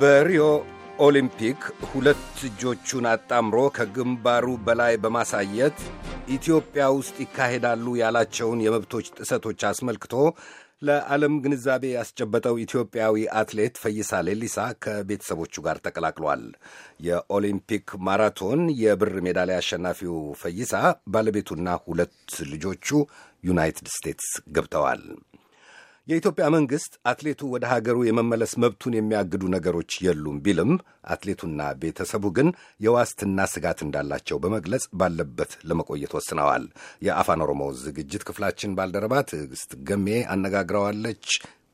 በሪዮ ኦሊምፒክ ሁለት እጆቹን አጣምሮ ከግንባሩ በላይ በማሳየት ኢትዮጵያ ውስጥ ይካሄዳሉ ያላቸውን የመብቶች ጥሰቶች አስመልክቶ ለዓለም ግንዛቤ ያስጨበጠው ኢትዮጵያዊ አትሌት ፈይሳ ሌሊሳ ከቤተሰቦቹ ጋር ተቀላቅሏል። የኦሊምፒክ ማራቶን የብር ሜዳሊያ አሸናፊው ፈይሳ ባለቤቱና ሁለት ልጆቹ ዩናይትድ ስቴትስ ገብተዋል። የኢትዮጵያ መንግሥት አትሌቱ ወደ ሀገሩ የመመለስ መብቱን የሚያግዱ ነገሮች የሉም ቢልም አትሌቱና ቤተሰቡ ግን የዋስትና ስጋት እንዳላቸው በመግለጽ ባለበት ለመቆየት ወስነዋል። የአፋን ኦሮሞ ዝግጅት ክፍላችን ባልደረባ ትዕግስት ገሜ አነጋግረዋለች።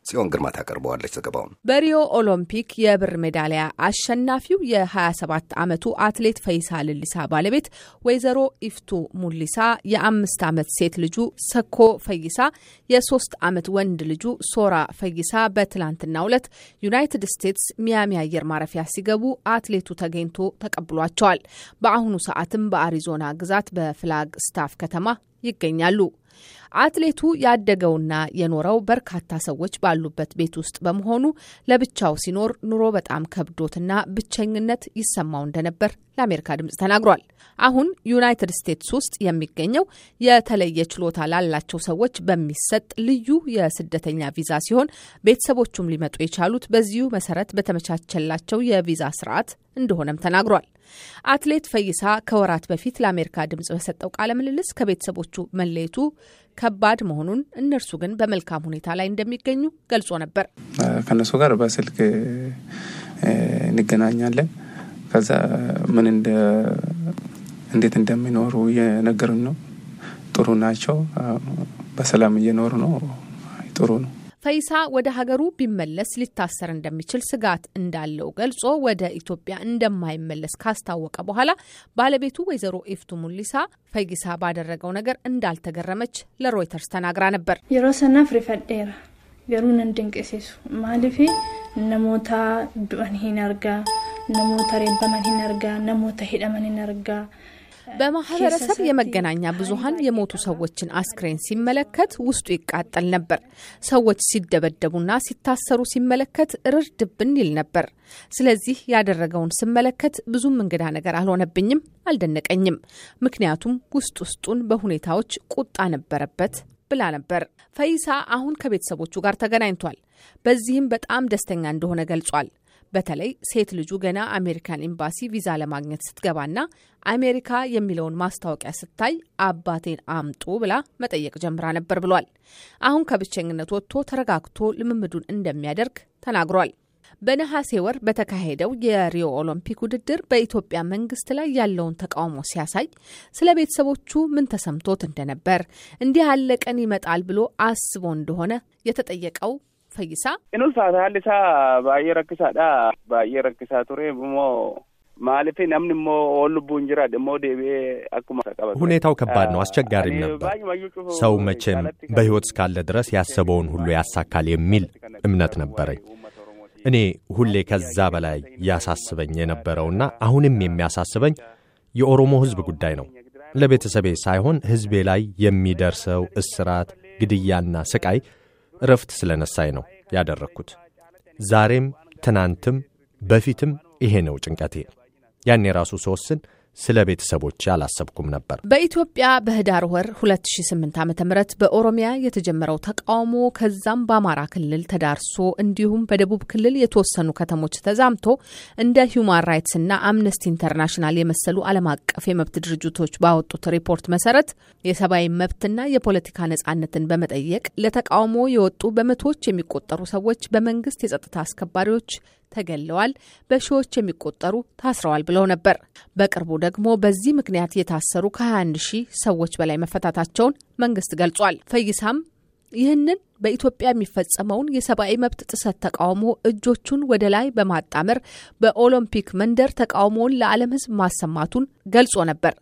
ጽዮን ግርማ ታቀርበዋለች ዘገባውን። በሪዮ ኦሎምፒክ የብር ሜዳሊያ አሸናፊው የ27 ዓመቱ አትሌት ፈይሳ ልሊሳ ባለቤት ወይዘሮ ኢፍቱ ሙሊሳ፣ የአምስት ዓመት ሴት ልጁ ሰኮ ፈይሳ፣ የሶስት ዓመት ወንድ ልጁ ሶራ ፈይሳ በትላንትናው ዕለት ዩናይትድ ስቴትስ ሚያሚ አየር ማረፊያ ሲገቡ አትሌቱ ተገኝቶ ተቀብሏቸዋል። በአሁኑ ሰዓትም በአሪዞና ግዛት በፍላግ ስታፍ ከተማ ይገኛሉ። አትሌቱ ያደገውና የኖረው በርካታ ሰዎች ባሉበት ቤት ውስጥ በመሆኑ ለብቻው ሲኖር ኑሮ በጣም ከብዶትና ብቸኝነት ይሰማው እንደነበር ለአሜሪካ ድምጽ ተናግሯል። አሁን ዩናይትድ ስቴትስ ውስጥ የሚገኘው የተለየ ችሎታ ላላቸው ሰዎች በሚሰጥ ልዩ የስደተኛ ቪዛ ሲሆን ቤተሰቦቹም ሊመጡ የቻሉት በዚሁ መሰረት በተመቻቸላቸው የቪዛ ስርዓት እንደሆነም ተናግሯል። አትሌት ፈይሳ ከወራት በፊት ለአሜሪካ ድምፅ በሰጠው ቃለ ምልልስ ከቤተሰቦቹ መለየቱ ከባድ መሆኑን እነርሱ ግን በመልካም ሁኔታ ላይ እንደሚገኙ ገልጾ ነበር። ከነሱ ጋር በስልክ እንገናኛለን። ከዛ ምን እንዴት እንደሚኖሩ እየነገሩን ነው። ጥሩ ናቸው። በሰላም እየኖሩ ነው። ጥሩ ነው። ፈይሳ ወደ ሀገሩ ቢመለስ ሊታሰር እንደሚችል ስጋት እንዳለው ገልጾ ወደ ኢትዮጵያ እንደማይመለስ ካስታወቀ በኋላ ባለቤቱ ወይዘሮ ኢፍቱ ሙሊሳ ፈይሳ ባደረገው ነገር እንዳልተገረመች ለሮይተርስ ተናግራ ነበር። የሮሰና ፍሪፈዴራ ገሩን እንድንቅሴሱ ማልፌ ነሞታ ዱአን ሂን አርጋ ነሞታ ሬበመን ሂን አርጋ ነሞታ ሂደመን ሂን አርጋ በማህበረሰብ የመገናኛ ብዙሃን የሞቱ ሰዎችን አስክሬን ሲመለከት ውስጡ ይቃጠል ነበር። ሰዎች ሲደበደቡና ሲታሰሩ ሲመለከት ርድብን ይል ነበር። ስለዚህ ያደረገውን ስመለከት ብዙም እንግዳ ነገር አልሆነብኝም፣ አልደነቀኝም። ምክንያቱም ውስጥ ውስጡን በሁኔታዎች ቁጣ ነበረበት ብላ ነበር። ፈይሳ አሁን ከቤተሰቦቹ ጋር ተገናኝቷል። በዚህም በጣም ደስተኛ እንደሆነ ገልጿል። በተለይ ሴት ልጁ ገና አሜሪካን ኤምባሲ ቪዛ ለማግኘት ስትገባና አሜሪካ የሚለውን ማስታወቂያ ስታይ አባቴን አምጡ ብላ መጠየቅ ጀምራ ነበር ብሏል። አሁን ከብቸኝነት ወጥቶ ተረጋግቶ ልምምዱን እንደሚያደርግ ተናግሯል። በነሐሴ ወር በተካሄደው የሪዮ ኦሎምፒክ ውድድር በኢትዮጵያ መንግስት ላይ ያለውን ተቃውሞ ሲያሳይ ስለ ቤተሰቦቹ ምን ተሰምቶት እንደነበር እንዲህ ያለ ቀን ይመጣል ብሎ አስቦ እንደሆነ የተጠየቀው Fayyisaa. Inus haalli isaa baay'ee rakkisaadha. Baay'ee rakkisaa ture immoo maaliif namni immoo ol lubbuun jiraadha immoo deebi'ee akkuma qabatu. ሁኔታው ከባድ ነው፣ አስቸጋሪም ነበር። ሰው መቼም በሕይወት እስካለ ድረስ ያሰበውን ሁሉ ያሳካል የሚል እምነት ነበረኝ። እኔ ሁሌ ከዛ በላይ ያሳስበኝ የነበረውና አሁንም የሚያሳስበኝ የኦሮሞ ሕዝብ ጉዳይ ነው። ለቤተሰቤ ሳይሆን ሕዝቤ ላይ የሚደርሰው እስራት፣ ግድያና ስቃይ እረፍት ስለነሳኝ ነው ያደረግኩት። ዛሬም ትናንትም በፊትም ይሄ ነው ጭንቀቴ። ያኔ ራሱ ስወስን ስለ ቤተሰቦች አላሰብኩም ነበር። በኢትዮጵያ በህዳር ወር 2008 ዓ ም በኦሮሚያ የተጀመረው ተቃውሞ ከዛም በአማራ ክልል ተዳርሶ እንዲሁም በደቡብ ክልል የተወሰኑ ከተሞች ተዛምቶ እንደ ሂውማን ራይትስ እና አምነስቲ ኢንተርናሽናል የመሰሉ ዓለም አቀፍ የመብት ድርጅቶች ባወጡት ሪፖርት መሰረት የሰብአዊ መብትና የፖለቲካ ነጻነትን በመጠየቅ ለተቃውሞ የወጡ በመቶዎች የሚቆጠሩ ሰዎች በመንግስት የጸጥታ አስከባሪዎች ተገለዋል፣ በሺዎች የሚቆጠሩ ታስረዋል ብለው ነበር። በቅርቡ ደግሞ በዚህ ምክንያት የታሰሩ ከ21 ሺህ ሰዎች በላይ መፈታታቸውን መንግስት ገልጿል። ፈይሳም ይህንን በኢትዮጵያ የሚፈጸመውን የሰብአዊ መብት ጥሰት ተቃውሞ እጆቹን ወደ ላይ በማጣመር በኦሎምፒክ መንደር ተቃውሞውን ለዓለም ሕዝብ ማሰማቱን ገልጾ ነበር።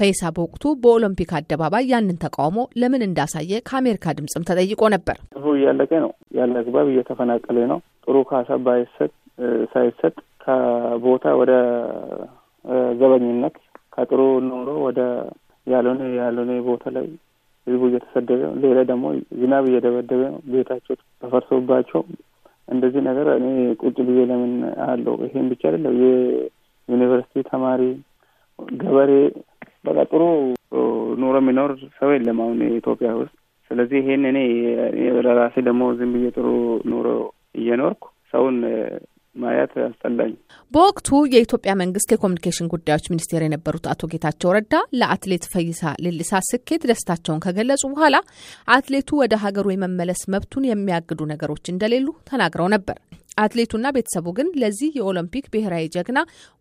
ፈይሳ በወቅቱ በኦሎምፒክ አደባባይ ያንን ተቃውሞ ለምን እንዳሳየ ከአሜሪካ ድምፅም ተጠይቆ ነበር። እያለቀ ነው፣ ያለ አግባብ እየተፈናቀለ ነው። ጥሩ ካሳ ባይሰጥ ሳይሰጥ ከቦታ ወደ ዘበኝነት ከጥሩ ኑሮ ወደ ያልሆነ ያልሆነ ቦታ ላይ ህዝቡ እየተሰደበ ነው። ሌላ ደግሞ ዝናብ እየደበደበ ነው። ቤታቸው ተፈርሶባቸው እንደዚህ ነገር እኔ ቁጭ ብዬ ለምን አለው። ይሄን ብቻ አይደለም የዩኒቨርሲቲ ተማሪ፣ ገበሬ በቃ ጥሩ ኑሮ የሚኖር ሰው የለም አሁን ኢትዮጵያ ውስጥ። ስለዚህ ይሄን እኔ ለራሴ ደግሞ ዝም ብዬ ጥሩ ኑሮ እየኖርኩ ሰውን ማየት ያስጠላኝ። በወቅቱ የኢትዮጵያ መንግስት የኮሚኒኬሽን ጉዳዮች ሚኒስቴር የነበሩት አቶ ጌታቸው ረዳ ለአትሌት ፈይሳ ሌሊሳ ስኬት ደስታቸውን ከገለጹ በኋላ አትሌቱ ወደ ሀገሩ የመመለስ መብቱን የሚያግዱ ነገሮች እንደሌሉ ተናግረው ነበር። አትሌቱና ቤተሰቡ ግን ለዚህ የኦሎምፒክ ብሔራዊ ጀግና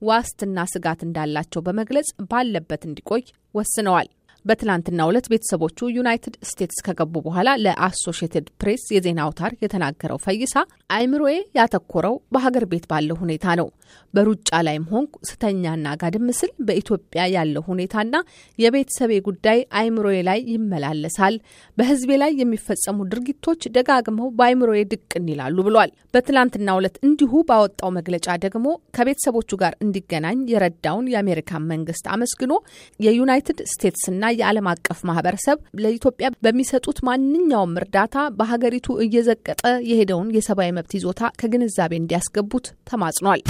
ዋስትና ስጋት እንዳላቸው በመግለጽ ባለበት እንዲቆይ ወስነዋል። በትላንትናው ዕለት ቤተሰቦቹ ዩናይትድ ስቴትስ ከገቡ በኋላ ለአሶሽየትድ ፕሬስ የዜና አውታር የተናገረው ፈይሳ አይምሮዬ ያተኮረው በሀገር ቤት ባለው ሁኔታ ነው። በሩጫ ላይም ሆንኩ ስተኛና ጋድም ስል በኢትዮጵያ ያለው ሁኔታና የቤተሰቤ ጉዳይ አይምሮዬ ላይ ይመላለሳል። በህዝቤ ላይ የሚፈጸሙ ድርጊቶች ደጋግመው በአይምሮዬ ድቅን ይላሉ ብሏል። በትላንትናው ዕለት እንዲሁ ባወጣው መግለጫ ደግሞ ከቤተሰቦቹ ጋር እንዲገናኝ የረዳውን የአሜሪካን መንግስት አመስግኖ የዩናይትድ ስቴትስና የዓለም አቀፍ ማህበረሰብ ለኢትዮጵያ በሚሰጡት ማንኛውም እርዳታ በሀገሪቱ እየዘቀጠ የሄደውን የሰብአዊ መብት ይዞታ ከግንዛቤ እንዲያስገቡት ተማጽኗል።